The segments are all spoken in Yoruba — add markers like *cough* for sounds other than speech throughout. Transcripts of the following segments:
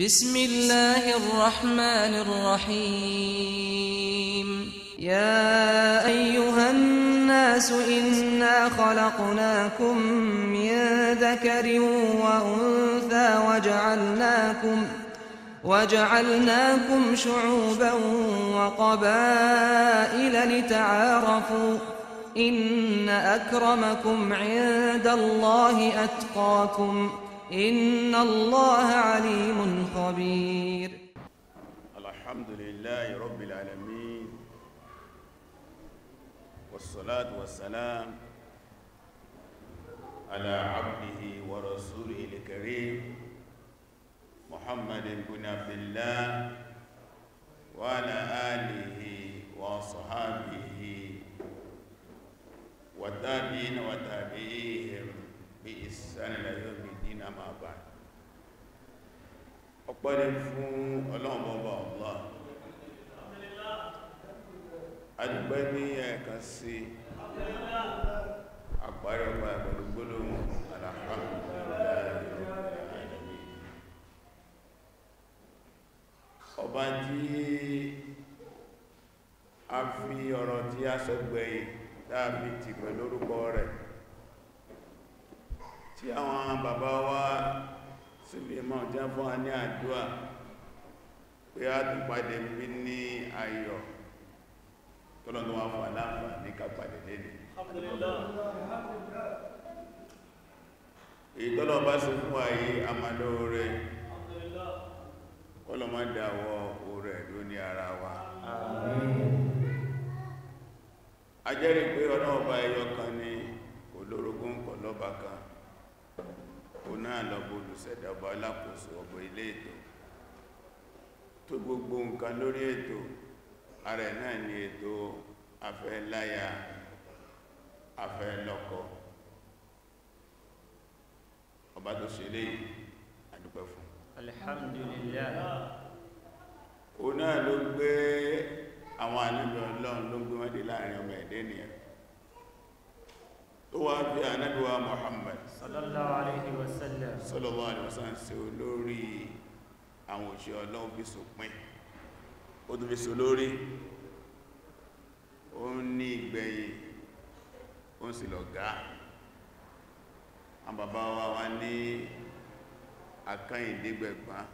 بسم الله الرحمن الرحيم يا أيها الناس إنا خلقناكم من ذكر وأنثى وجعلناكم وجعلناكم شعوبا وقبائل لتعارفوا إن أكرمكم عند الله أتقاكم ۖ إن الله عليم خبير الحمد لله رب العالمين والصلاة والسلام على عبده ورسوله الكريم محمد بن عبد الله وعلى آله وصحابه والتابعين وتابعيهم بإحسان إلى يوم ní a máa bá fún ọlọ́run bọ́bá Allah ní ẹ̀ẹ̀kan sí ọgbà ọba tí a fi ọ̀rọ̀ tí a sọ gbẹ̀yìn tí àwọn bàbá wa síbí mọ́ jẹ́ fún a ní àdúwà pé a tún pàdé bí ní ayọ̀ tọ́lọ́nà wà fún aláàfà ní ká pàdé lẹ́lẹ̀ ìtọ́lọ̀ bá sí fún ayé amàlò rẹ̀ kọlọ̀mọ́dáwọ̀ orẹ̀ ló ní ara wa a jẹ́rìí pé ọlọ́ọ̀bá ẹyọ kan ni olórogún kọlọ́bà kan náà lọ́bọ̀ olùsẹ̀dàbà alákòóso ọgbọ̀ ilé ètò tó gbogbo nǹkan lórí ètò ààrẹ náà ni ètò afẹ́láyà afẹ́lọ́kọ ọba tó ṣe lè àdúpẹ́ fún alhamdulillah o náà ló gbé àwọn àníbẹ̀ ọlọ́run ló gbé wọ́n dé láàrin ọmọ ẹ̀dẹ́ nìyàn tó wá bí ànábì wa Muhammad sallallahu alaihi wasallam sallallahu alaihi wasallam sí olórí àwọn òṣè ọlọ́run bí sòpin ó tún fi sí olórí ó ní ìgbẹ̀yìn ó sì lọ̀gá àwọn bàbá wa wá ní akáyìndégbẹ̀gbọ́n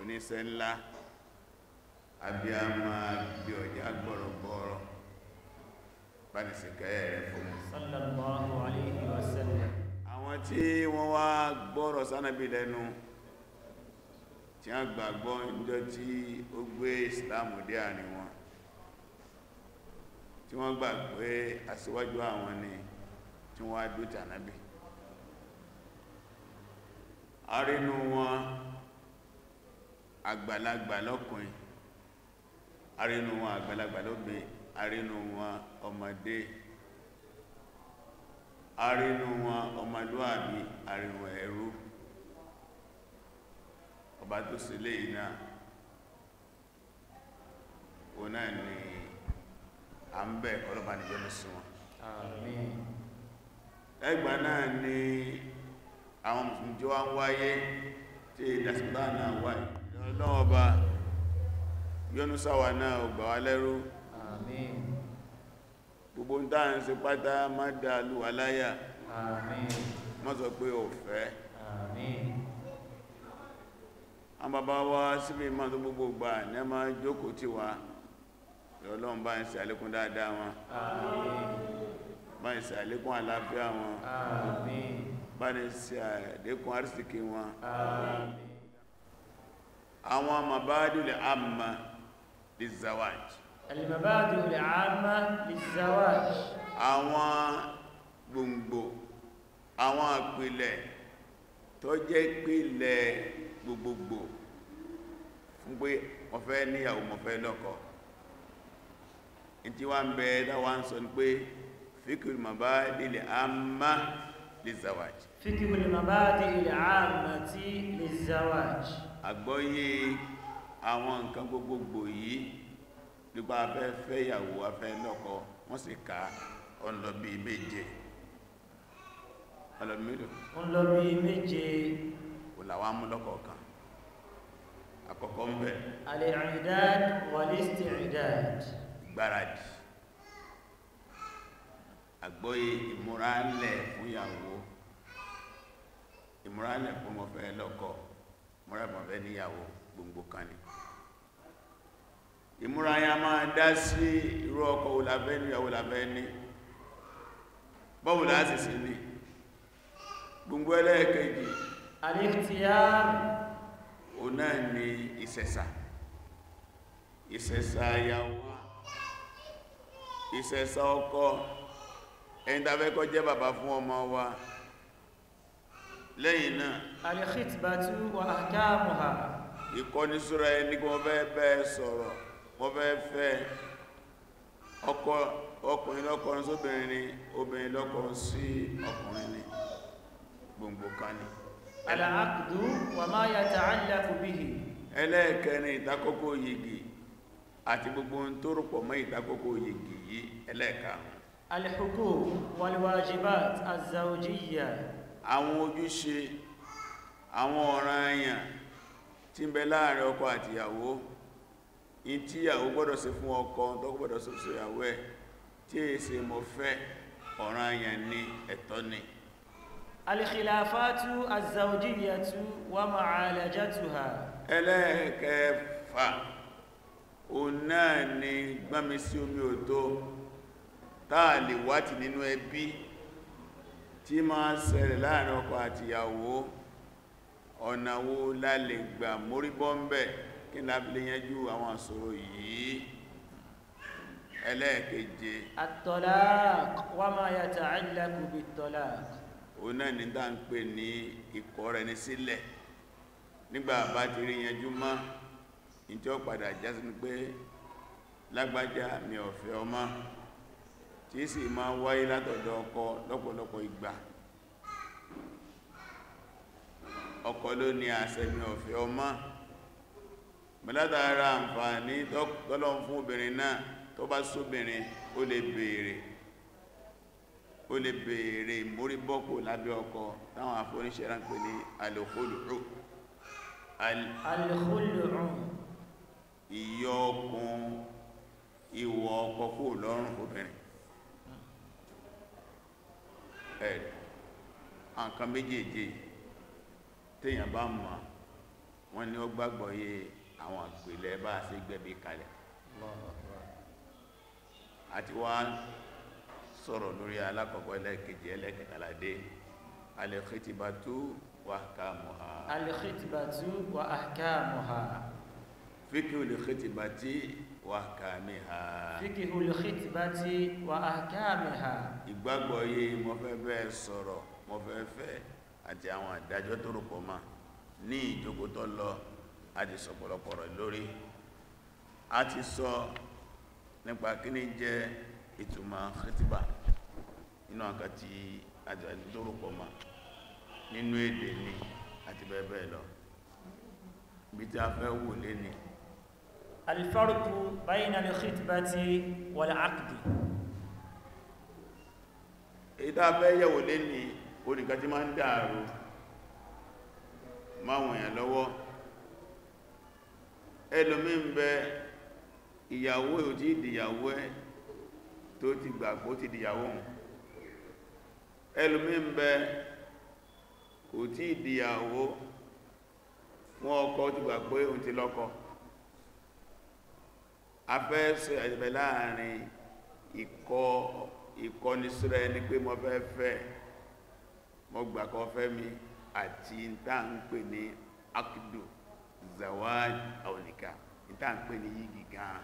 oníṣẹ́ ńlá abíyá máa ọjà gbọ̀rọ̀gbọ̀rọ̀ báni sí kẹ́ rẹ̀ fún sallallahu alayhi wa sallam àwọn tí wọ́n wá gbọ́rọ̀ sánàbí lẹ́nu tí a gbàgbọ́ ìjọ tí ó gbé islamu dé àrin wọn tí wọ́n gbà pé aṣíwájú àwọn ni tí wọ́n á dútà náàbì arínú wọn àgbàlagbà lọ́kùnrin arínú wọn àgbàlagbà lóbin arínú wọn ọmọdé arínú wọn ọmọlúwàbí arínú ẹ̀rú ọba tó sì lè iná o náà ni a ń bẹ̀ ọlọ́bà níjọ́nà sí wọn àmín ẹgbà náà ni àwọn mùsùlùmí wá ń wáyé tí ìdásígbà náà wáyé ọlọ́ọba yọ́nú sáwà náà ò gbà wá lẹ́rú gbogbo ń dáa ń ṣe pátá má dáàlù aláyà àmín má sọ pé ọ̀fẹ́ àmín a bàbá wa síbí má tó gbogbo gbà ní a jókòó tí wa Ọlọ́run bá ń ṣe àlékún dáadáa wọn bá ń ṣe àlékún àlàáfíà wọn bá ń ṣe àlékún àrísìkí wọn àwọn mabadul amma lizawaj alimabadu al'amma lizawaj àwọn gbòǹgbò àwọn àpìlẹ̀ tó jẹ́ ìpìlẹ̀ gbogbogbò fún pé mo fẹ́ níyàwó mo fẹ́ lọ́kọ ìtí wá ń bẹ dáwà ń sọ ní pé fíkìrì mabadi al'amma lizawaj fíkìrì mabadi al'amma ti lizawaj àgbọ́yé àwọn nǹkan gbogbogbò yìí nípa afẹ́ fẹ́ ìyàwó afẹ́ lọ́kọ wọ́n sì ká ọlọ́bí méje ọlọ́bí méje òlàwà mú lọ́kọ̀ kan àkọ́kọ́ ń bẹ̀ al-i'dad wal-isti'dad gbáradì àgbóyé ìmúránlẹ̀ fún ìyàwó ìmúránlẹ̀ fún mọ́fẹ́ lọ́kọ mọ́rẹ́mọ̀fẹ́ níyàwó gbogbo kan ni ìmúra yẹn a máa dá sí irú ọkọ òlàfẹ́ ní ìyàwó làfẹ́ ní bọ́wù láti sí ní gbogbo ẹlẹ́ẹ̀kejì al-ikhtiyar o náà ni ìsẹ̀sà ìsẹ̀sà ìyàwó ìsẹ̀sà ọkọ ẹni tàbẹ́kọ́ jẹ́ bàbá fún ọmọ wa lẹ́yìn náà al-khitbatu wa ahkamuha ìkọ́nisúra ẹni kí wọ́n fẹ́ bẹ́ẹ̀ sọ̀rọ̀ mo fẹ́ fẹ́ ọkọ ọkùnrin lọ́kọrin sóbìnrin ni obìnrin lọ́kọrin sí ọkùnrin ni gbogbo kan ni al'aqdu wa ma yata'allaqu bihi ẹlẹ́ẹ̀kẹrin ìtakókò yìgì àti gbogbo ohun tó rúpọ̀ mọ́ ìtakókò yìí ẹlẹ́ẹ̀karùn àwọn ojúṣe àwọn ọ̀ranyàn tí ń bẹ láàrin ọkọ àtìyàwó in tí ìyàwó gbọ́dọ̀ ṣe fún ọkọ tó gbọ́dọ̀ ṣe fún ìyàwó ẹ̀ tí è ṣe mọ̀ fẹ́ ọ̀ranyàn ni ẹ̀tọ́ ni alìkìláfàtú azàwòdíyàtú wà ma'alajatuha ẹlẹ́ẹ̀kẹfà o ni gbámi sí omi òtó táà lè nínú ẹbí tí máa ń láàrin ọkọ àtìyàwó ọ̀nà wo mórí bọ́m̀bẹ̀ kí n lábílé yẹnjú àwọn àṣòro yìí ẹlẹ́ẹ̀keje at-talaq wa ma yata'allaqu o náà ní dá ń pè ní ikọ̀ rẹ̀ ní sílẹ̀ nígbà bá ti rí yẹnjú mọ́ ní tí ó padà jásí ní pé lágbájá mi ò fẹ́ ọmọ tí sì máa wáyé látọ̀dọ̀ ọkọ lọ́pọ̀lọpọ̀ ìgbà ọkọ ló ní àṣẹ mi ò ọmọ mẹ́láta ara àǹfààní tọ́lọ́n fún obìnrin náà tó bá sóbìnrin ó lè béèrè ó lè béèrè móríbọ́kò lábẹ́ ọkọ táwọn afọ́níṣẹ́ ránpẹ́ ní alìkólùrù alìkólùrù ìyọ ọkùn ìwọ ọkọ kò lọ́rùn obìnrin ẹ̀ àǹkan méjèèjì téèyàn bá mọ̀ wọ́n ní ó gbàgbọ́ yìí àwọn ìpìlẹ̀ bá ṣe gbẹ̀bí kalẹ̀ àti wá sọ̀rọ̀ lórí alákọ̀ọ́kọ́ ẹlẹ́kejì ẹlẹ́kẹtàládé alẹ́kẹ́tìbàtú wa ahkamuha alẹ́kẹ́tìbàtú wa ahkamuha fíkí olùkẹ́tìbàtí wa ahkamiha fíkí olùkẹ́tìbàtí wa ahkamiha ìgbàgbọ́ yé mo fẹ́ bẹ́ẹ̀ sọ̀rọ̀ mo fẹ́ fẹ́ àti àwọn àdájọ́ tó rò pọ̀ mọ́ ní ìjókòó tó lọ a ti sọ pọ̀lọpọ̀ rẹ̀ lórí a ti sọ nípa kí ni jẹ́ ìtumọ̀ kìtìbà nínú àkà tí ma nínú èdè ni àti bẹ́ẹ̀ bẹ́ẹ̀ lọ bí tí a fẹ́ wò lé ní alfarku bayna al-khitbati wal-aqdi ìdá fẹ́ yẹ̀wò lé ní oníkàtí máa ń dáàrù máwọn èèyàn lọ́wọ́ ẹlòmí ń bẹ ìyàwó ò tí ìdìyàwó ẹ tó ti gbàgbó ti dìyàwó hùn ẹlòmí ń bẹ kò tí ìdìyàwó wọn ọkọ ti gbàgbó ohun ti lọ́kọ afẹ́ẹ̀sẹ̀ ẹ̀sẹ̀ láàrin ikọ́ ìkọ́nisíra ẹni pé mo fẹ́ fẹ́ mo gbàkọ́ fẹ́ mi àti ìta ń pè ní akidu zawaj aunika ìta ń pè ní yìí gan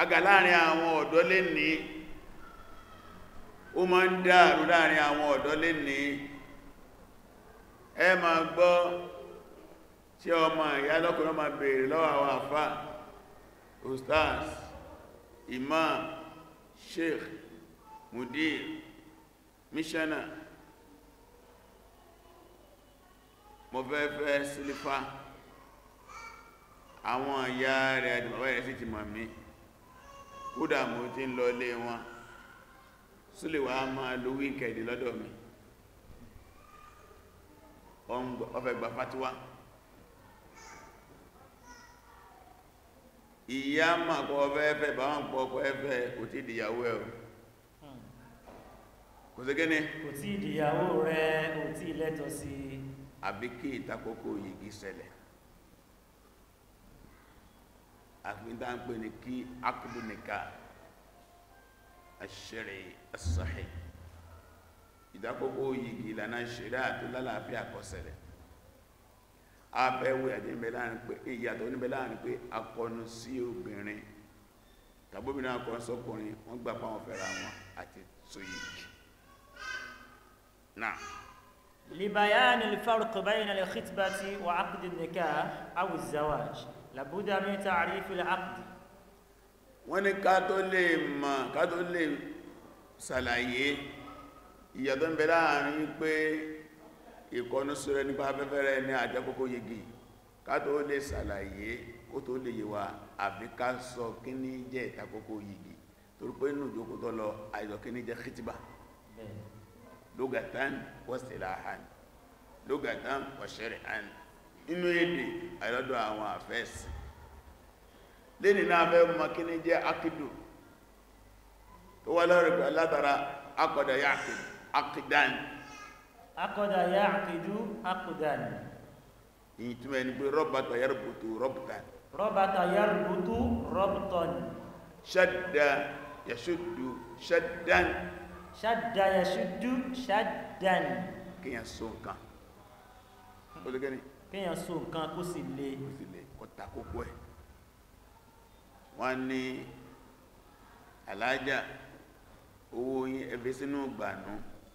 aga láàrin àwọn ọ̀dọ́ lè ní ó máa ń dàrú láàrin àwọn ọ̀dọ́ lè ní ẹ máa gbọ́ tí ọmọ ìyá lọ́kùnrin máa bèèrè lọ́wọ́ àwọn àfá ustaz imam sheikh mudir missioner mo fẹ́ fẹ́ sílífà àwọn ìyá rẹ̀ àti bàbá rẹ̀ sì ti mọ̀ mí kódà mo ti ń lọ lé wọn súlèwà máa lo wíkẹ̀dì lọ́dọ̀ mi ọfẹ́ gba fatiwa ìyá ma kọ ọfẹ́ ẹfẹ́ bá wọn pọ̀ ọkọ̀ ẹfẹ́ kò tí ìdìyàwó ẹ̀ hmm. kò sí gẹ́ni kò tí ìdìyàwó rẹ̀ kò tí ìlẹ́tọ̀ sí àbí kí ìtakókò yìí ṣẹlẹ̀ àfihàn ń pè ní kí akúdùnìká àṣẹrẹ as-sahih ìtakókò yìí ìlànà ṣẹlẹ̀ àti lálàáfíà kó abẹ́wò ìyàtọ̀ níbẹ̀ láàrin pé akọnu sí obìnrin tàbóbìnrin akọni sọ́kùnrin wọ́n gbà pàwọn fẹ́ra wọn àti náà لبيان الفرق بين الخطبة وعقد النكاح أو الزواج لابد من تعريف العقد wọ́n ní ká tó lè mọ̀ ká tó lè ṣàlàyé ìyà tó ń bẹ láàrin pé ìkọ̀nú sọ́rẹ́ nípa afẹ́fẹ́rẹ́ ní àjẹ́kókó yegi ká tó lè ṣàlàyé kó tó lè yíwa àfi sọ kí jẹ́ ìtakókó yegi torípé inú ìjókòó lọ àìsọ kí jẹ́ kìtìbà lugatan wa silahan lugatan wa shari'an inú èdè àìlọ́dọ̀ àwọn àfẹ́ẹ̀sì lẹ́ni náà fẹ́ mọ́ kí ní jẹ́ akidu tó wá lọ́rọ̀ látara akọ̀dà yá akidan akọ̀dà yá akidu akudan ìtumọ̀ ẹni pé rọ́bàtà yárùbùtù rọ́bùtàn rọ́bàtà yárùbùtù Robtan. Shadda, yasudu shaddan ṣáda yasudu ṣádan. kéèyàn so nǹkan ó lè gẹ́ni. kéèyàn so nǹkan kó sì le. kó sì le kó ta kókó ẹ̀ wọ́n ní alájà owó yín ẹbí sínú gbànú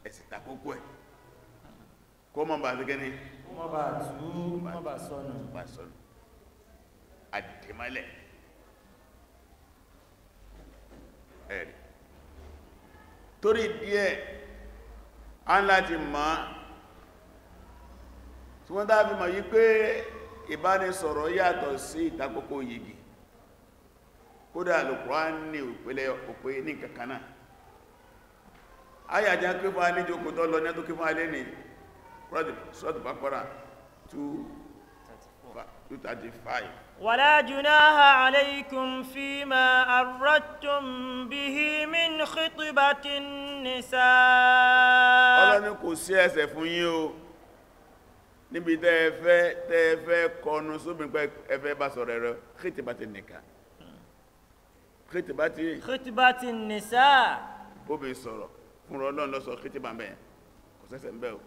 ẹ̀sì ta kókó ẹ̀ kó mọ́ bá gẹ́gẹ́ ní mọ́ bá tú mọ́ bá sọnù bá sọnù àdìmọ́lẹ̀ ẹ̀rì torí díẹ̀ a ń láti mọ̀ tí wọ́n dáa fi mọ̀ yí pé ìbánisọ̀rọ̀ yàtọ̀ sí ìtakókò yìí kódà Al-Kùránì òpìlẹ̀ òpè ní kankaná ayàjá kí fún alẹ́jọ́ kò tọ́ lọ ní ẹ̀tọ́ kí fún alẹ́ ní Suratul Baqara 2 235. ولا جناح عليكم فيما أردتم به من خطبة النساء. ọlọ́ni kò sí ẹ̀ṣẹ̀ fún yín o níbi tẹ́ ẹ kọnu sóbìn pé ẹ bá sọ̀rọ̀ ẹ̀rọ khitibati nìkan khitibati. khitibati nìsá. obìnrin sọ̀rọ̀ fúnra ọlọ́run ló sọ khitibà mẹ́ẹ̀ kò sẹ́sẹ̀ ń bẹ́ẹ̀ o.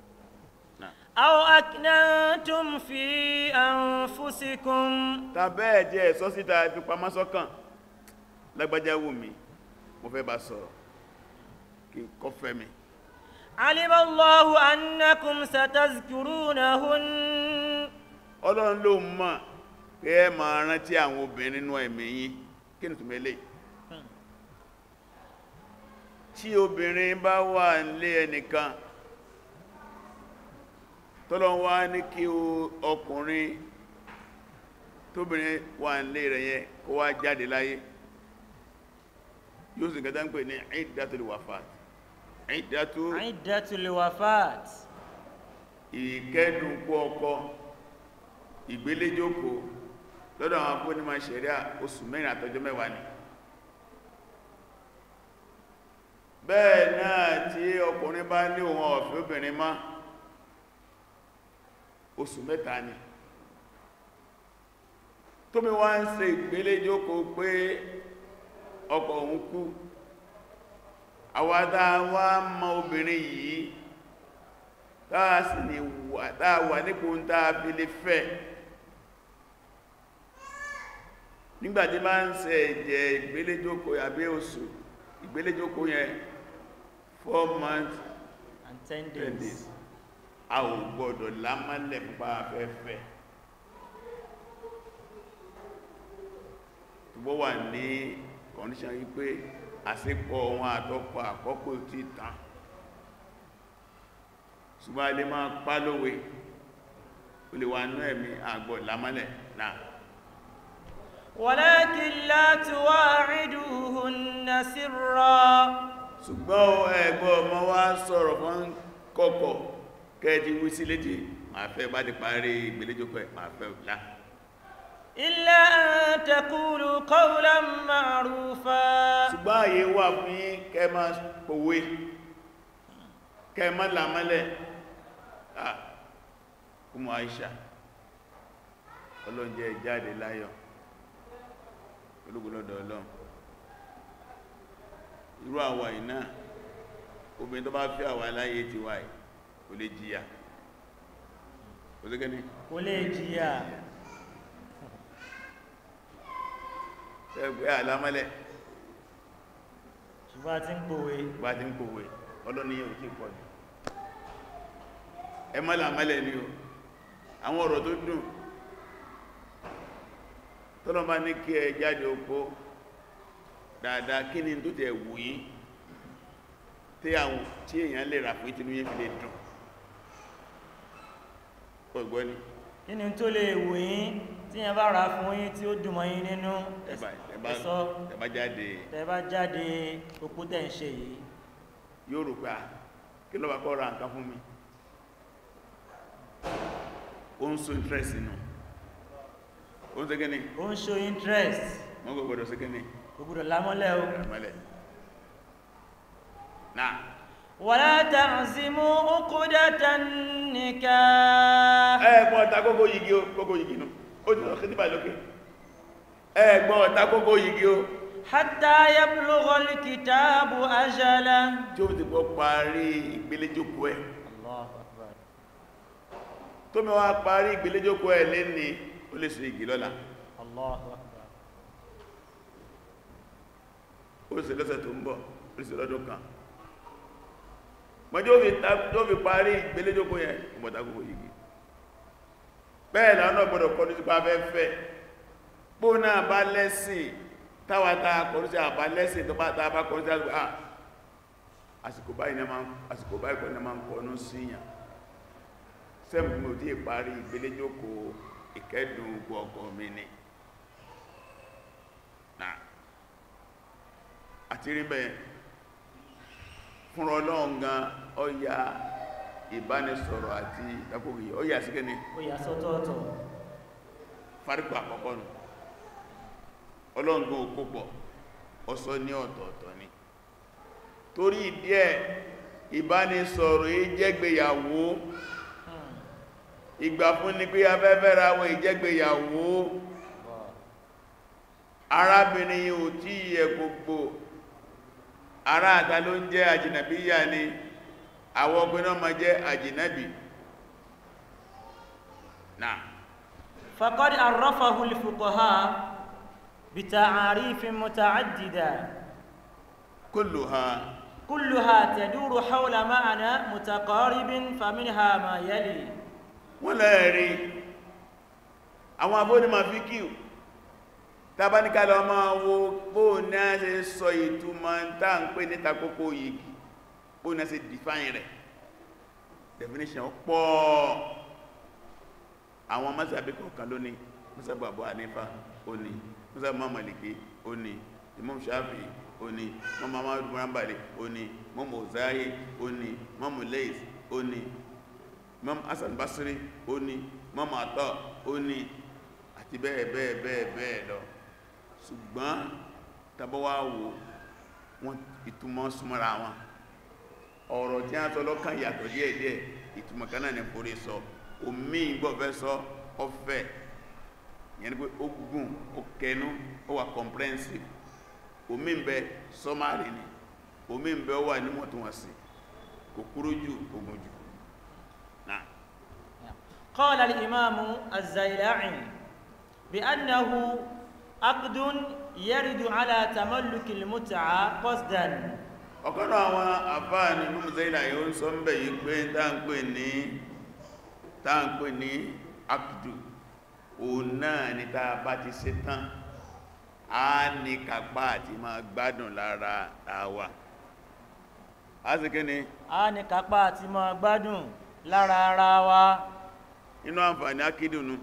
أو أكننتم في أنفسكم tàbẹ́ ẹ̀jẹ́ ẹ̀sọ́ síta ìfipamọ́ sọ́kàn lágbàjá wù mí mo fẹ́ bá sọ̀rọ̀ kí kó fẹ́ mi علم الله أنكم ستذكرونهن ọlọ́run ló mọ̀ pé ẹ máa rántí àwọn obìnrin nínú ẹ̀mí yín kí ni túnmọ̀ eléyìí hmm. tí obìnrin bá wà nílé ẹnìkan tọ́lọ́n wá ní kí ọkùnrin tóbìnrin wà nílé rẹ̀ yẹn kó wá jáde láyé yóò sì gẹ́gẹ́ ń pè ní ìdátòlì wàfàt ọkọ wàfàt ọkọ ìgbéléjókòó lọ́dọ̀ àwọn afọ́nímọ̀ ṣẹ̀ríà oṣù mẹ́rin àtọjọ́ mẹ́wàá ni bẹ́ẹ̀ náà tí ọkùnrin bá ní òun ọ̀fẹ́ obìnrin oṣù mẹ́ta ni tómi wá ń ìpele pé ọkọ òun kú àwádá wá mọ obìnrin yìí táà sì ni wà nípò ń táà fi lè fẹ́ nígbàtí bá ń ẹ̀jẹ̀ àbí oṣù yẹn 4 months and 10 10 days. a ò gbọdọ̀ lámálẹ̀ pa afẹ́fẹ́ wọ́n wà ní condition yí pé àsìpọ̀ wọn àtọ́pọ̀ àkọ́kọ́ tí tán ṣùgbọ́n a lè máa pá lówe o lè wà náà ẹ̀mí àgbọ̀ lámálẹ̀ náà walakin la tuwa'iduhunna sirra ṣùgbọ́n ẹgbọ́ ọmọ wá sọ̀rọ̀ fún kọ̀kọ̀ kẹ́ẹ̀tì wí sí léjì ma fẹ́ bá ti parí ìgbèléjókọ́ ẹ̀ ma fẹ́ lá illa an taqulu qawlan ma'rufa ṣùgbọ́n àyè wà fún yín kẹ́ ma pòwe kẹ́ ma làmọ́lẹ̀ kúmù Aisha ọlọ́njẹ́ jáde láyọ̀ olúgbọ́lọ́dọ̀ ọlọ́run irú àwa ìná obìnrin tó bá fẹ́ àwa láyé ti wáyìí kò lè jìyà kò lè gẹ́ni kò lè jìyà ti ń pòwe ṣùgbọ́n àti ń pòwe ọlọ́ni yẹ́ òkè pọ̀ ẹ mọ́lá ni o àwọn ọ̀rọ̀ tó dùn tọ́lọ́ bá ní kí ẹ jáde oko dáadáa kí ni tó tẹ̀ wù yí tí èèyàn lè dùn ọgbọ́n ni kí tó lè wù yín tí yẹn bá ra fún yín tí ó dùnmọ́ yín nínú ẹ̀sọ́ tẹ́bá jáde òkú tẹ́ ń ṣe yìí yóò rò pé kí lọ́wọ́ kọ́ ra nǹkan fún mi ó ń so interest nù ó ń ṣe kíni ó ń so interest wọ́n kò gbọ́dọ̀ ṣe kíni kò gbọ́dọ̀ lámọ́lẹ̀ o lámọ́lẹ̀ náà wala ta'zimu uqdatan nikah kókó yìí o kókó yìí nù ó jùlọ kí nípa ìlókè ẹgbọ́n ọ̀tá kókó yìí o hátà yablugha al-kitabu ajala tí ó ti gbọ́ parí ìgbéléjókòó ẹ̀ tó mẹ́wàá parí ìgbéléjókòó ẹ̀ lẹ́ni ó lè sọ igi lọ́la mọ́jọ́ fi parí ìgbéléjókòó yẹn ọmọdá yìí bẹ́ẹ̀ na gbọ́dọ̀ kọlu sí pàfẹ́ fẹ́ pó náà bá lẹ́sìn táwàtà kọlu sí àbá lẹ́sìn tó bá tàbá kọlu sí àgbà ah, àsìkò báyìí kọ́ ní ma ń kọnu síyàn sẹ́mù mi tí ìparí ìkẹ́dùn ìbánisọ̀rọ̀ àti ẹkùnrin ó yà sí kíni ó yà ọsọ ní ọ̀tọ̀ọ̀tọ̀ torí ìdí ẹ̀ ìbánisọ̀rọ̀ ìjẹ́gbéyàwó hmm. ìgbà fún pé afẹ́fẹ́ ra wọn arábìnrin ò tí gbogbo ará àjìnàbíyà ni. àwọn ọgbẹ̀ náà ma jẹ́ àjìnábì náà faqad arrafahu al-fuqaha bi ta'arifin muta'addida kulluha kulluha taduru hawla ma'na mutaqaribin faminha ma yali wọ́n lẹ́ẹ̀rí àwọn abónímọ̀ fíkíù tàbáníkàlọ́ máa wo bóò ní a ṣe sọ ìtumọ̀ tàà ń pè ní takókò yìí bó náà ṣe define rẹ̀ definition pọ̀ àwọn mọ́sàbí kọ̀ọ̀kan lóní mọ́sàbí Abu Hanifa òní mọ́sàbí Maliki òní Imam Shafi òní mọ́mọ́ amadu murambali òní mọ́mọ́ ozaye òní mọ́mọ́ leis òní mọ́mọ́ Hasan Basri òní mọ́mọ́ atọ́ òní àti bẹ́ẹ̀ bẹ́ẹ̀ bẹ́ẹ̀ bẹ́ẹ̀ lọ ṣùgbọ́n tàbọ́wà wo wọn ìtumọ̀ súnmọ́ra wọn ọ̀rọ̀ tí a sọ lọ́kàn yàtọ̀ díẹ̀ díẹ̀ ìtumọ̀ kan ní forí sọ omi ìgbọ̀fẹ́ sọ ọfẹ́ yẹn pé ó gùn ó kẹnu ó wà comprehensive omi bẹ sọmárì ni omi bẹ ó wà níwọ̀ntúnwọ̀nsì kò kúrú jù kò jù قال الإمام الزيلعي بأنه عقد يرد على تملك المتعة قصدا ọ̀kanà àwọn àfáà ní Ibn Muzaina yóò ń sọ ń bẹ̀ yìí pé táǹpé ní táǹpé ní akùdù òun náà ni tá a bá ti ṣe tán a ní kàpá àti máa gbádùn lára àwa a sì kí ni a ní kàpá àti máa gbádùn lára ara wa inú àǹfààní akídùnú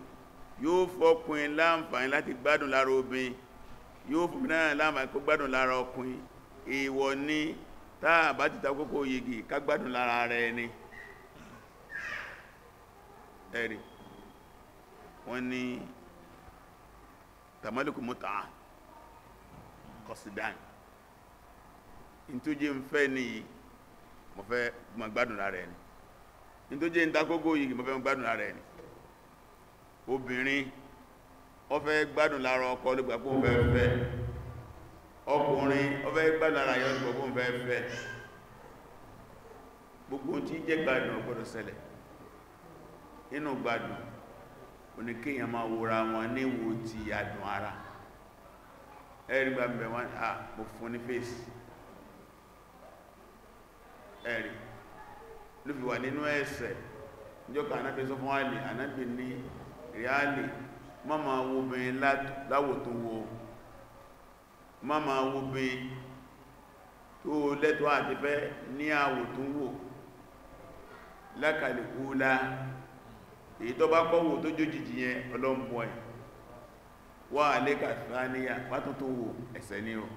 yóò fọkùnrin láǹfààní láti gbádùn lára obìnrin yóò fún mi náà láǹfààní kó gbádùn lára ọkùnrin èèwọ̀ ni Taa bá ti takókò yìí ká gbádùn lára rẹ̀ ẹni ẹ̀rì wọ́n ní tamalikù mọ́ta kọsìdán in ń fẹ́ ní mọ̀ fẹ́ gbádùn lára fẹ́ gbádùn lára obìnrin ọkọ ọkùnrin ọfẹ́ gbádàrà yọ gbogbo ń fẹ́ gbogbo tí jẹ́ gbádùn ọgbọ́dọ̀ ṣẹlẹ̀ inú gbádùn oníkéyàn máa wọn níwò ti àdùn ara ẹ̀rí gba bẹ̀ wọ́n à fún ní fèsì ẹ̀rí ló fi wà nínú sọ fún àlè ní wo obìnrin láwò tó wo má ma wo be tó lẹ́tọ́ àti fẹ́ ní àwò tó wò lákàlẹ̀kú lá èyí tó bá kọ́ wò tó jójìjì yẹn ọlọ́mbọ̀ ẹ̀ wà lẹ́kà sáníyà pátún tó wò ẹ̀sẹ̀ ní ọ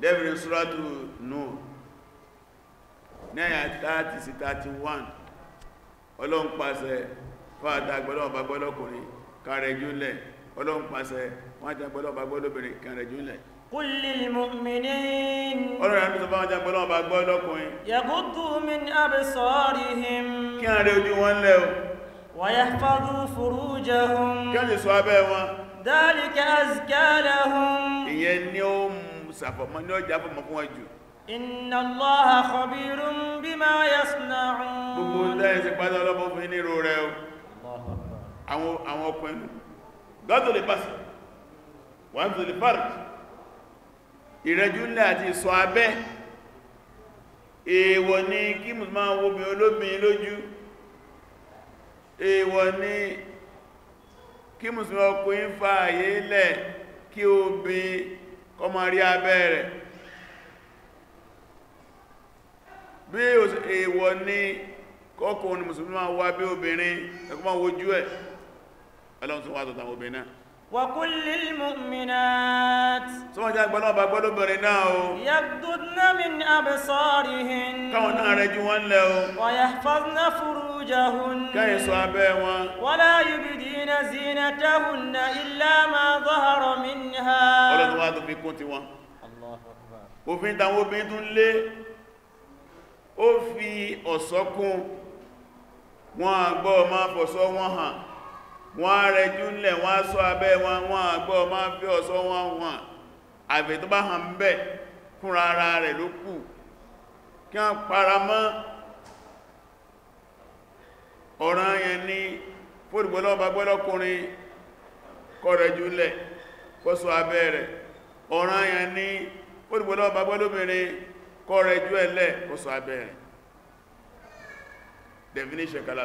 dẹ́bìnrin súrátù nù náà 30 sí 31 ọlọ́mpàṣẹ fáadà gbọ́lọ́ ọba gbọ́lọ́kùnrin kàrẹ̀jú lẹ́ẹ̀ ọlọ́run pàṣẹ wọ́n jẹ́ gbọ́lọ́ba gbọ́lọ́bìnrin kan rẹ̀ jùlẹ̀ kullil mu'minin ọlọ́run àti tó bá inna allaha khabirun bima yasna'un gbogbo ń dá ẹsẹ̀ pátá ọlọ́bọ̀ fún rẹ̀ o àwọn ọkùnrin gọ́dọ̀ lè pàṣẹ wọ́n tó lè park ìrẹ́jú ńlẹ̀ àti ìsọ abẹ́ èèwọ̀ ni kí musulman wobi olóbin lójú èèwọ̀ ni kí musulman ọkùnrin fa àyè lẹ̀ kí obi kọmọ rí abẹ́ rẹ̀ bí èèwọ̀ ni kọkùnrin musulman wà bí obìnrin ẹkùnmọ̀ wojú ẹ̀ ọlọ́run tún wá tọ̀tọ̀ àwọn obìnrin náà وكل المؤمنات سواء جاء بلو بلو برناو يغضضن من أبصارهن كون أرجوان لو ويحفظن فروجهن كي صابوا ولا يبدين زينتهن إلا ما ظهر منها ولا نواد في كنتوا الله أكبر وفين تاو بنتون لي ó fi ọ̀sọ́kún wọn àgbọ́ máa fọ̀sọ́ wọn hàn wọ́n rẹ júnlẹ̀ wọ́n sọ abẹ́ wọn wọ́n àgbọ́ ma fi ọ̀sọ́ wọn wọn àfẹ́ tó bá hàn bẹ́ ara rẹ̀ ló kù kí wọ́n para mọ́ ọ̀ràn yẹn ní fóòdùgbọ́lọ́bàgbọ́lọ́kùnrin kó yẹn ẹlẹ́ abẹ́ rẹ̀ definition kala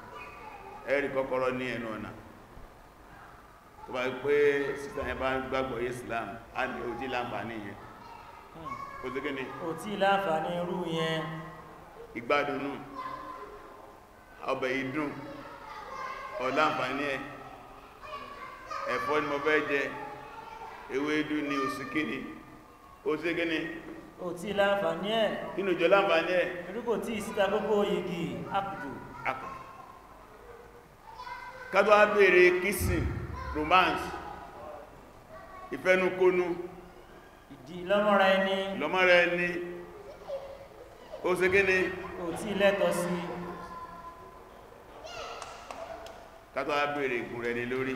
ẹ̀rì kọ́kọ́rọ́ ní ẹnu ọ̀nà tó bá pé sísá ẹbá gbàgbọ́ Islam a ní òtí láǹfààní yẹn kò hmm. sí kí ni òtí láǹfààní irú yẹn ìgbádùnú ọbẹ̀ ìdùn ọ̀láǹfààní ẹ̀ ẹ̀fọ́ ni mo fẹ́ jẹ ewédú ni òsìkí ni ó sí kí ni ò tí láǹfààní ẹ̀ kí ní òjò láǹfààní ẹ̀ irú kò tí ìsíta gbogbo yìí kátó wá bèèrè kissing romance ìfẹnukonu ìdí lọ́mọ́ra ẹni lọ́mọ́ra ẹni ó ṣe gíní kò tí lẹ́tọ̀ sí kátó wá bèèrè ìgùn rẹ̀ ní lórí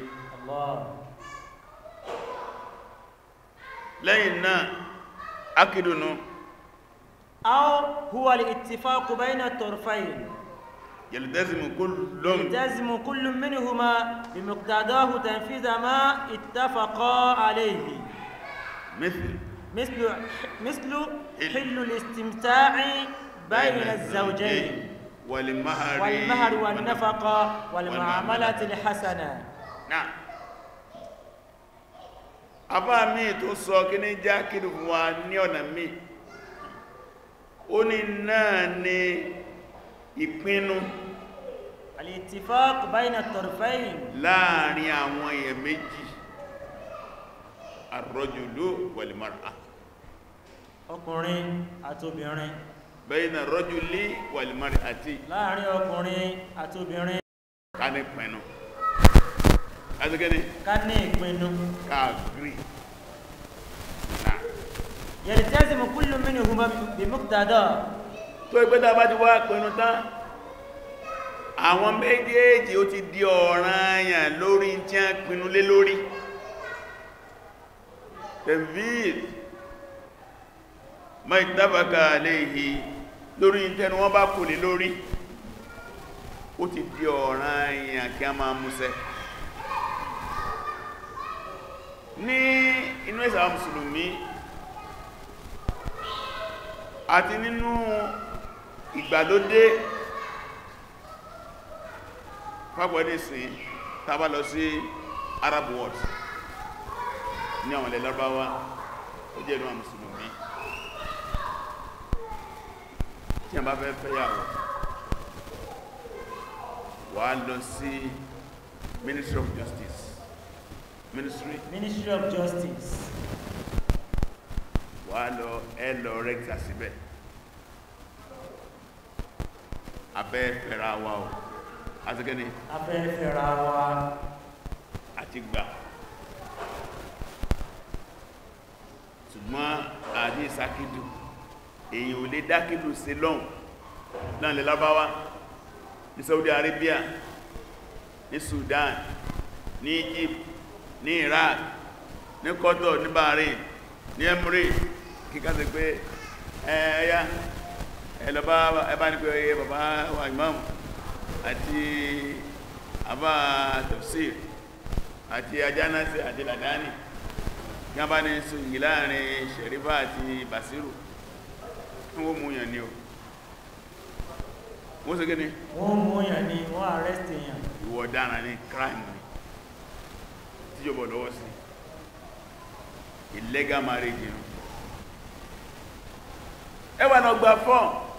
lẹ́yìn náà akìdùnú aw huwa al-ittifaq bayna يلتزم كل يلتزم كل منهما بمقتضاه تنفيذ ما اتفقا عليه مثل مثل مثل حل الاستمتاع بين الزوجين والمهر والمهر والنفقة والمعاملة الحسنة نعم أبا mi tó sọ kí ní جاكي mi ó ní náà ni jakiri ìpinnu al-ittifaq bayna at-tarfayn láàrin àwọn èèyàn méjì ar-rajulu wal-mar'a ọkùnrin àtobìnrin bayna ar-rajuli wal-mar'ati láàrin ọkùnrin àtobìnrin ká ní ìpinnu ká ní ìpinnu ká gírí yaltazimu kullu minhuma bi miqtada tó ẹgbẹ́ tàbá ti wá pinnu tán àwọn méjèèjì ó ti di ọ̀ranyàn lórí tí a pinnu lé lórí tẹ̀bíl ma ìtàbàkà aléhì lórí tẹnu wọ́n bá kò lè lórí ó ti di ọ̀ranyàn kí a máa múṣẹ ní inú ẹ̀sà mùsùlùmí àti nínú ìgbàlódé fábọ̀dé sí tàbá lọ sí Arab world ní àwọn ilẹ̀ lọ́rọ̀báwá ó jẹ́ ìlú àmùsùlùmí tí a bá fẹ́ fẹ́yàwó wà lọ sí Ministry of Justice Ministry, Ministry of Justice wà lọ ẹ lọ rẹ́gbà síbẹ̀ afẹ́ fẹ́ra wa o àtìkẹ́ni afẹ́ fẹ́ra wa àti gbà ṣùgbọ́n àdí ìsákìdù èyàn ò lè dákìdù sí lọ́n láàrin lábáwá ní Saudi Arabia ní Sudan ní Egypt ní Iraq ní Qatar ní Bahrain ní Emirates kíkà pé ẹ̀ẹ́yà ẹlọba ẹbá ní pé bàbá wa imam àti àbá tafsir àti ajánásí àti ladani gábá ní sùnjì láàrin sherifa àti basiru wọ́n mú yàn ní o wọ́n sọ gẹ́ni wọ́n mú yàn ní wọ́n arrest yàn ìwọ ọ̀daràn ní crime ni tí yóò bọ̀ lọ́wọ́ sí illegal marriage ẹwà náà gba fọ́ọ̀mù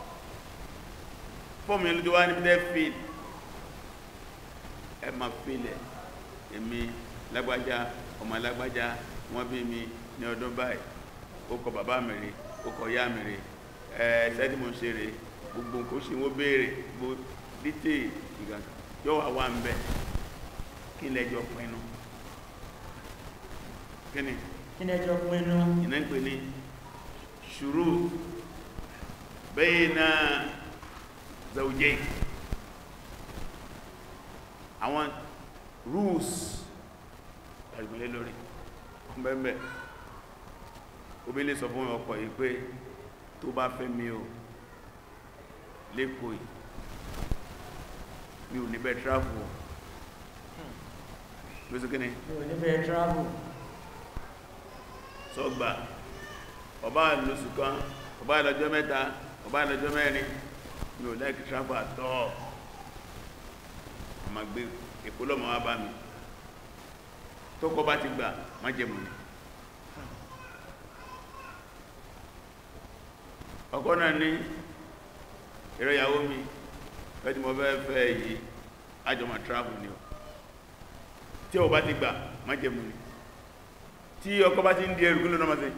fọ́ọ̀mù yẹn lójú wá níbi tẹ́ fíl ẹ máa fílẹ̀ èmi lágbájá ọmọ lágbájá wọ́n bí mi ní ọdún báyìí ó kọ bàbá mi rè ó kọ ìyá mi rè ẹ̀ẹ́sẹ́ tí mo ṣe rè gbogbo nǹkan ó sì wọ́n béèrè gbogbo dítè ìgbàgbà yóò wà wá ń bẹ̀ kí lẹ́jọ́ pinnu kí ni kí lẹ́jọ́ pinnu ìnáǹpẹ̀ ni ṣùrù bẹ́ẹ̀ náà zawjayn àwọn rules ẹ̀gbẹ̀lẹ́ lórí ọmọbẹ̀mẹ̀ omi lè sọ fún ọkọ yìí pé tó bá fẹ́ mi o lẹ́kọ̀ọ́ yìí mi ò níbẹ̀ travel hmm. ló sí kíni mi ò níbẹ̀ travel sọ́gbà ọba lóṣù kan ọba lọ́jọ́ mẹ́ta ọba lọ́jọ́ mẹ́rin mi ò láìkì travel at all ma gbé èkó lọ́mọ wá bá mi tọ́kọ bá ti gbà má jẹmọ̀ ní ọkọ náà ní ìrọ̀yàwó mi lọ́jú mọ́ fẹ́ fẹ́ yìí ajọmọ̀ travel ni ọ tí ọ bá ti gbà má jẹmọ̀ ní tí ọkọ bá ti ń di ẹrù kí ló náà má ṣe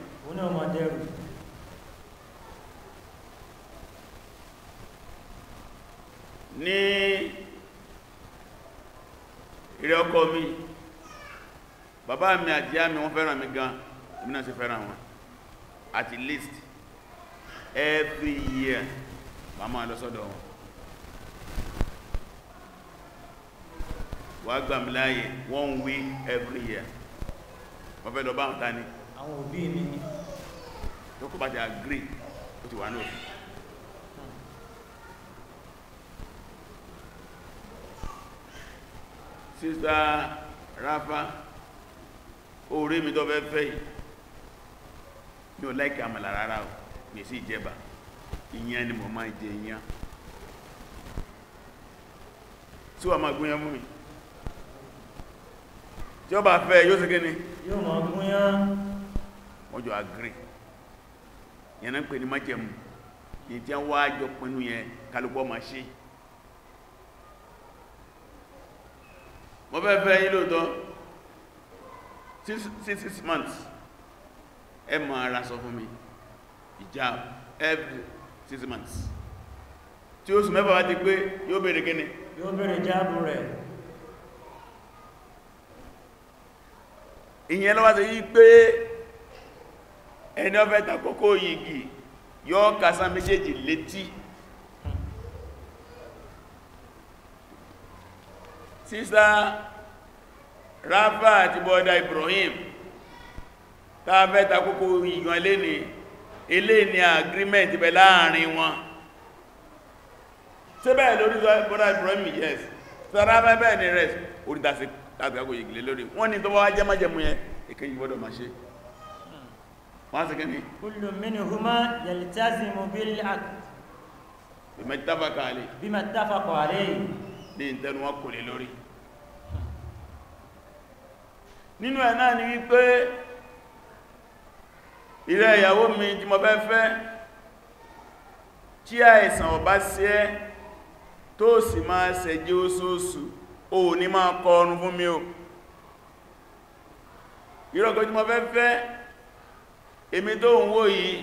ní ìrẹ́ ọkọ mi bàbá mi àti ìyá mi wọ́n fẹ́ràn mi gan èmi náà ṣe fẹ́ràn wọn at least every year màmá lọ sọ́dọ̀ wọn wà gbà mí one week every year wọ́n fẹ́ lọ bá wọn ta ni àwọn òbí mi ní tó kó bá ti agree ó ti wà ní òfin sísá ráfá orí mi tó fẹ́ fẹ́ yìí ní o láìkì àmàlà rárá o gbèsè ìjẹba ìyẹn ni mo máa ń jẹ ìyẹn tí wà máa gúnyán mú mi tí ó bá fẹ́ yóò sí kí ni yóò máa gúnyán wọ́n jọ agree yẹn náà pè ní májẹ̀mú ní tí wọ́n wá jọ pinnu yẹn kálùkọ́ máa ṣe é mo fẹ́ fẹ́ yí lóòtọ́ six months ẹ mọ̀ ara sọ fún mi ìjà every six months tí ó sùn mẹ́fà wá ti pé yóò bèèrè kíni yóò bèèrè jáàbù rẹ̀ ìyẹn lọ́wọ́ sí yí pé ẹni ọfẹ́ takókó yìí yóò kásá méjèèjì létí sísá ráfà àti bọ́ọ̀dá Ibrahim tàbẹ́ta kókó ìyàn ilé ni ilé ni agreement bẹ láàrin wọn tí bẹ́ẹ̀ lórí bọ́ọ̀dá Ibrahim yes sára bẹ́ẹ̀ ni rest orí tàbí àgbàgbò ìgbìlẹ̀ lórí wọ́n ni tó bá wá jẹ́ májẹ̀mú yẹn èkejì gbọ́dọ̀ máa ṣe wọ́n sì kẹ́ni kullu minhuma yaltazimu ní ìtẹnu lórí nínú ẹ̀ náà ni wípé ilé ìyàwó mi tí mo fẹ́ fẹ́ tí àìsàn ọ̀bá sí ẹ́ tó sì máa ṣẹ̀jẹ́ oṣooṣù o ní máa kọ ọrùn fún mi o ìrọ́kọ̀ tí mo fẹ́ fẹ́ èmi tó ń wò yìí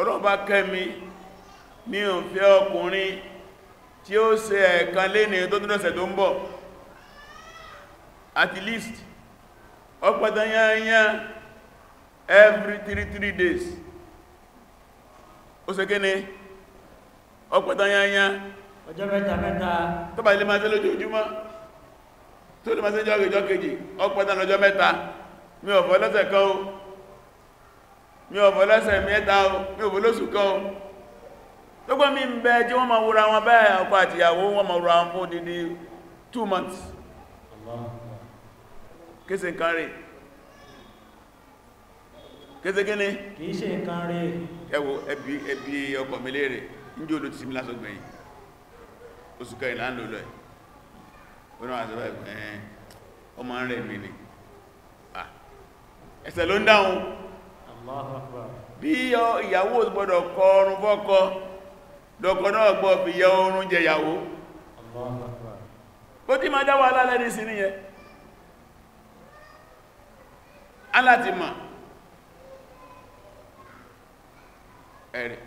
ọlọ́ba kẹ́mi ní òfẹ́ ọkùnrin tí ó ṣe ẹ̀kan lé ní tó tún lọ́sẹ̀ tó ń bọ̀ at least ọkpatanye anya every 33 days ó ṣe kíni ọkpatanye anya ọjọ́ mẹ́ta mẹ́ta tó ilé máa tẹ́ lójoojúmọ́ tó lè máa tẹ́ jọ́ kejì ọkpatanye ọjọ́ mẹ́ta mi ò fọ́ lọ́sẹ̀ kan o mi ò fọ́ lọ́sẹ̀ mẹ́ta o mi ò fọ́ lóṣù kan o tó mi ń kése nǹkan rí kése gíní kìí ṣe nǹkan rí ẹwọ ẹbí ẹbí ọkọ̀ mi léèrè níjẹ́ olóti sí mi lásọ gbẹ̀yìn oṣù kẹrin láńlò lọ ẹ̀ ọ̀nà ọmọ rẹ̀ mi ni ló ń dáhùn bí ìyàwó gbọ́dọ̀ kọ ọrùn fọ́kọ lọ́kọ náà gbọ́ fi yẹ oorun bó tí ma aláti mọ̀ ẹ̀rẹ̀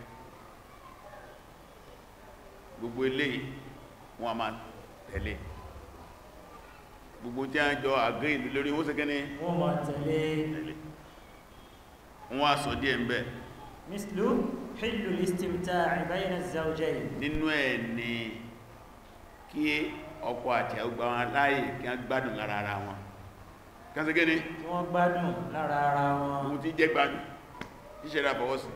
gbogbo eléyìí wọn a máa tẹ̀lé gbogbo tí a jọ àgbé ìlú lórí wọ́n sẹ́kẹ́ ní wọ́n máa tẹ̀lé wọ́n a sọ díẹ̀ ń bẹ mislu hillu istimta'i bayna az-zawjayn nínú ni kí ọkọ àti ẹgbà wọn láyé a gbádùn lára ara wọn kánṣe gẹ́ni tí wọ́n gbádùn lára ara wọn ohun tí jẹ́ gbádùn ìṣẹ́ra fọwọ́ sí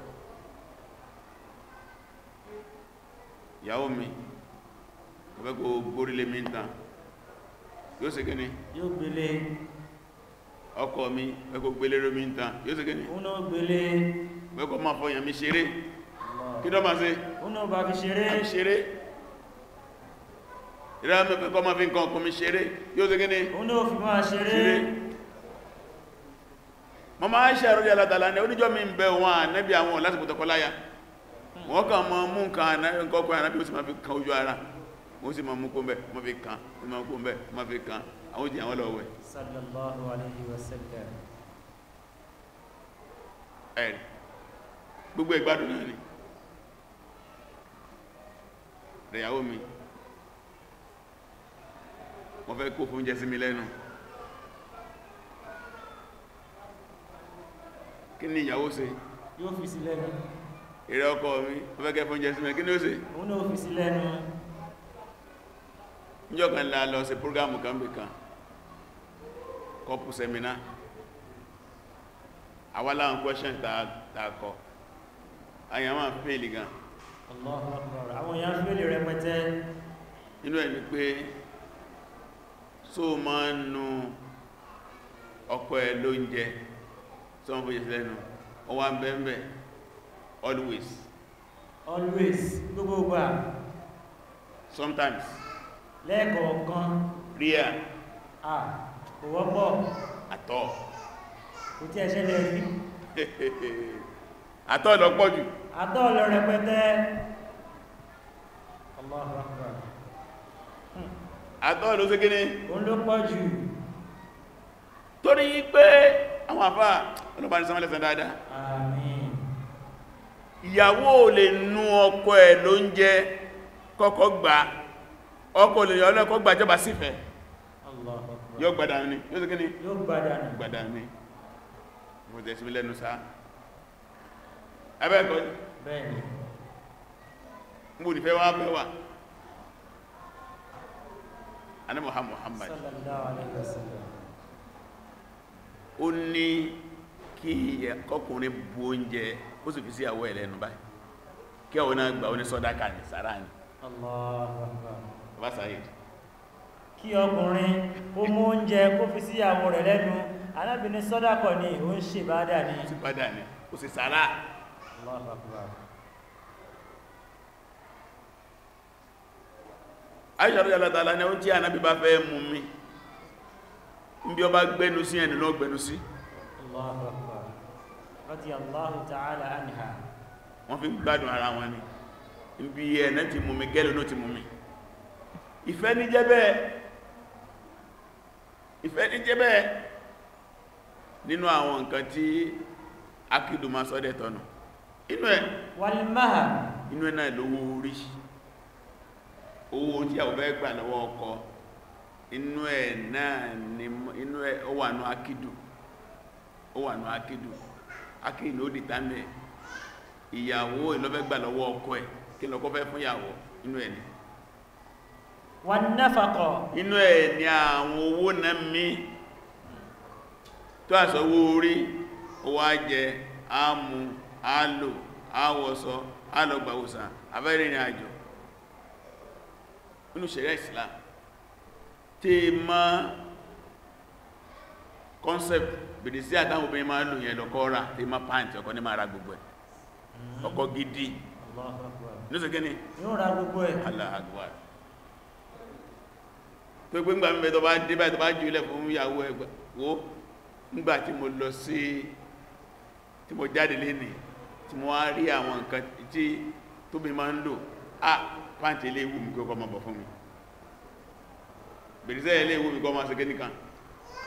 ìyàwó mi ọ̀fẹ́kò gbórílé mi ń tàn yóò ṣe gẹ́ni yóò gbélé ọkọ mi ọkọ gbélé ló mi ń tàn yóò ṣe gẹ́ni òun gbélé ọkọ máa fọyàn mi ṣeré kí ló máa ṣe òun bá fi ṣeré ìrẹ́mẹ́ pẹ̀kọ́ ma fi nǹkan ọkùnmi ṣeré yóò tó gíní òun ní ó fi máa ṣeré mọ́ máa ṣe àrórí alátàlá ní oníjọ́ mi ń bẹ wọn ànẹ́bí àwọn láti pọ̀tọ̀kọláyà wọ́n kàn mọ́ mú nǹkan ànẹ́kọ́kọ́ ànẹ́bí ó sì máa fi kan ojú ara wọ́n sì máa mú kóńbẹ̀ ma fi kan ma fi kóńbẹ̀ ma fi kan àwọn jẹ́ àwọn lọ́wẹ́ sallallahu alaihi wasallam ẹ̀rì gbogbo ìgbádùn náà ni mi wọ́n fẹ́ kó fún jẹ sí mi lẹ́nu kí ni ìyàwó ṣe yóò fi sí lẹ́nu èrè ọkọ mi wọ́n fẹ́ kẹ́ fún jẹ sí mi kí ni ó ṣe òun náà fi sí lẹ́nu níjọ́ kan la lọ sí prógámù kan bí kan kọ́pù sẹ́mínà àwa láwọn kwẹ́ṣẹ́n tààkọ àyàn máa fèèlì gan Allahu Akbar àwọn èèyàn fèèlì rẹpẹtẹ inú ẹ̀ ni pé so ma ń nu ọkọ̀ ẹ̀ lóúnjẹ tí wọ́n fòye sílẹ̀nu wọ́n wá ń bẹ́ẹ̀bẹ̀ always always gbogbo gbà sometimes lẹ́ẹ̀kọ̀ọ̀kan ríà ah kò wọ́pọ̀ àtọ́ kò tí ẹ̀ṣẹ́lẹ̀ rí àtọ́ lọ àtọ́ lọ rẹpẹtẹ Allahu àtọ́ ló sí gíní òun ló pọ̀ jù torí pé àwọn àfá olùbá ní sánmọ́lẹ̀ sàn dáadáa àmín ìyàwó lè nú ọkọ ẹ̀ ló ń jẹ kọ́kọ́ gbà ọkọ lè ọlọ́kọ́ gbà jọba sífẹ́ yóò gbàdánù ni yóò sí gíní yóò gbàdánù ni mo tẹ̀ sí lẹ́nu sáà ẹbẹ́ ẹ̀kọ́ ni mo nífẹ́ wá bẹ́ẹ̀ anabi muhammad ó ní kí ọkùnrin bu oúnjẹ kó sì fi sí àwọ̀ ẹ̀lẹ́nu báyìí kí àwọn náà gbà oní sọ́dáka ní sára ní bá sáyèdì kí ọkùnrin ó mú oúnjẹ kó fi sí àwọ̀ rẹ̀ lẹ́nu alábìnrin sọ́dákọ̀ ni ó ń ṣe bádà ní ó sì sára Allahu aisha rẹ̀ alátàlá ní ó tí ànábí bá fẹ́ mú mi ń bí ọ bá gbẹ́nu sí ẹni lọ gbẹ́nu sí wọ́n fi gbádùn ara wọn ni ń bí ẹ̀nà ti mú mi gẹ́lù ló ti mú mi ìfẹ́ ní jẹ́ bẹ́ẹ̀ ìfẹ́ ní nínú àwọn nǹkan tí akídùmá sọ́dẹ̀ tọ̀nà inú ẹ̀ náà lówó oríṣìí owó tí àwọn fẹ́ gbà lọ́wọ́ ọkọ inú ẹ̀ náà ni inú ẹ̀ ó wà ní akídù ó wà ní akídù akídù ló dìtà mẹ́ ìyàwó ìlọ́fẹ́ gbà lọ́wọ́ ọkọ ẹ̀ kí lọ́kọ fẹ́ fún ìyàwó inú ẹ̀ ni wọ́n náfàkọ̀ inú ẹ̀ ni àwọn owó náà mi tó àsọwó orí owó ajẹ́ àmú àlò àwọ̀sọ àjò nínú ṣẹ̀rẹ́ Islam tí ma concept bèèrè sí àtàwọn obìnrin máa lò yẹn lọ́kọ́ rà tí ma pàǹtì ọkọ ní ma ra gbogbo ẹ̀ hmm. ọkọ gidi ní ṣe gíní yóò ra gbogbo ẹ̀ aláàgbà tó gbé ngbà mẹ́tọ́ bá dé báyìí tó bá jù ilẹ̀ fún ìyàwó ẹgbẹ̀wó ngbà tí mo lọ sí tí mo jáde lénìí tí mo wá rí àwọn nǹkan tí tóbi máa ń lò ah pàǹtì ilé ìwú mi kí ọkọ̀ mọ̀bọ̀ fún mi bèrèsẹ́ ilé ìwú mi kọ́ máa ṣe kíníkan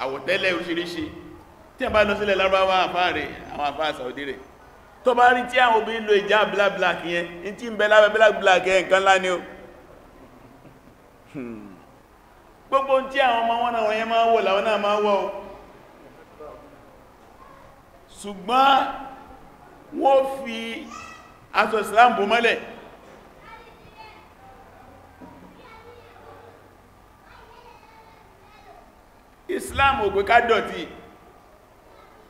àwọ̀tẹ́lẹ̀ oríṣiríṣi tí a bá lọ sílẹ̀ lárúbáwá àfáà rẹ̀ àwọn àfáà sàúdí rẹ̀ tó bá rí tí àwọn obìnrin lo ìjà black black yẹn ní tí ń bẹ lábẹ́ black black yẹn nǹkan ńlá o hmm. gbogbo tí àwọn ọmọ wọn náà yẹn máa wọ̀ làwọn náà máa wọ̀ o ṣùgbọ́n wọ́n fi aṣọ ìsìlámù bò mọ́lẹ̀ Islam ò pé ká dọ̀tí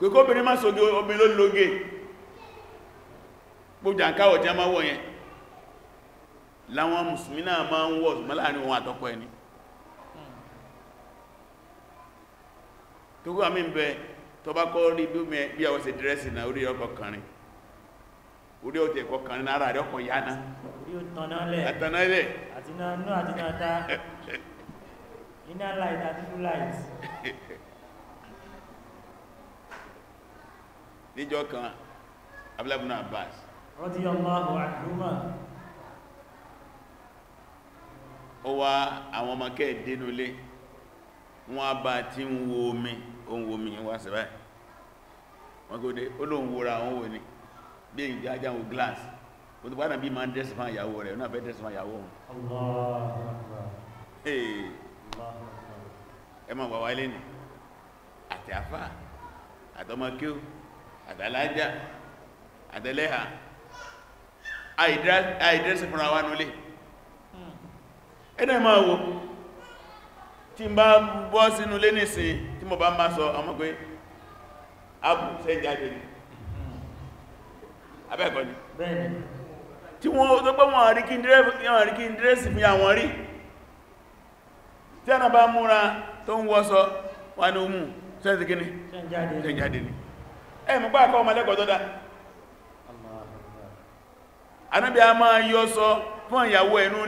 pé kó obìnrin máa sóge obìnrin ló lóge gbogbo àkáwọ̀ tí a máa wọ̀ yẹn láwọn musulmi náà máa ń láàrin ẹni tó gbà mí bẹ tó bá kọ́ rí bí àwọn ṣe dírẹ́sì náà orí ọkọ̀ orí ọ̀tẹ̀ ẹ̀kọ́ náà ọkọ̀ yánà *laughs* inner light and inner light. *laughs* níjọ́ kan abúlábùn abbas radiyallahu anhuma ó wá àwọn ọmọ kẹ́ẹ̀dínú lé wọ́n bá tí ń wo omi ohun omi wá sí báyìí wọ́n kó dé ó lóun ni, àwọn wò ní bí i glass o tó bá náà bí ma ń dẹ́sì fún àyàwó rẹ̀ náà fẹ́ ẹmọ wà wáyé lẹ́nì àti àfá àtọmọkíò àtàlájá àtẹlẹ́hà àìdírẹ́sì fúnra wá nulé ẹ̀nà máa wo tí bá bọ́ sínú lé nìsìn tí mo bá máa sọ ọmọ pé abu sẹ́jáde ni abẹ́ẹ̀kọ́ ni tí wọ́n tó pẹ́ wọn àríkí dírẹ́sì fún àwọn rí tí a náà bá múra tó ń wọ́sọ wà ní ohun sẹ́ǹsì kíní sẹ́ǹjáde ní ẹ̀mù pàá kọ́ ọmọlẹ́kọ̀ọ́ anábí a máa yọ́ sọ fún àyàwó ẹ̀nú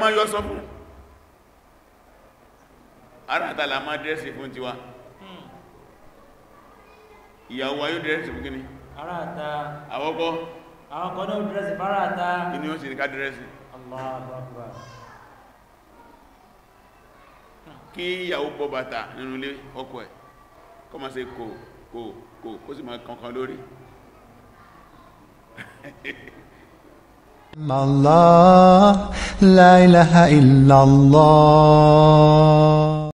máa sọ fún ara máa dẹ́rẹ́sì fún tiwa hmm. ìyàwó ayó dẹ́rẹ́sì fún kíní kí ìyàwó bọ́ bàtà nínú ilé ọkọ ẹ̀ kọ́ máa ṣe kò kò kò kó sì máa kankan lórí *laughs* Allah la ilaha illallah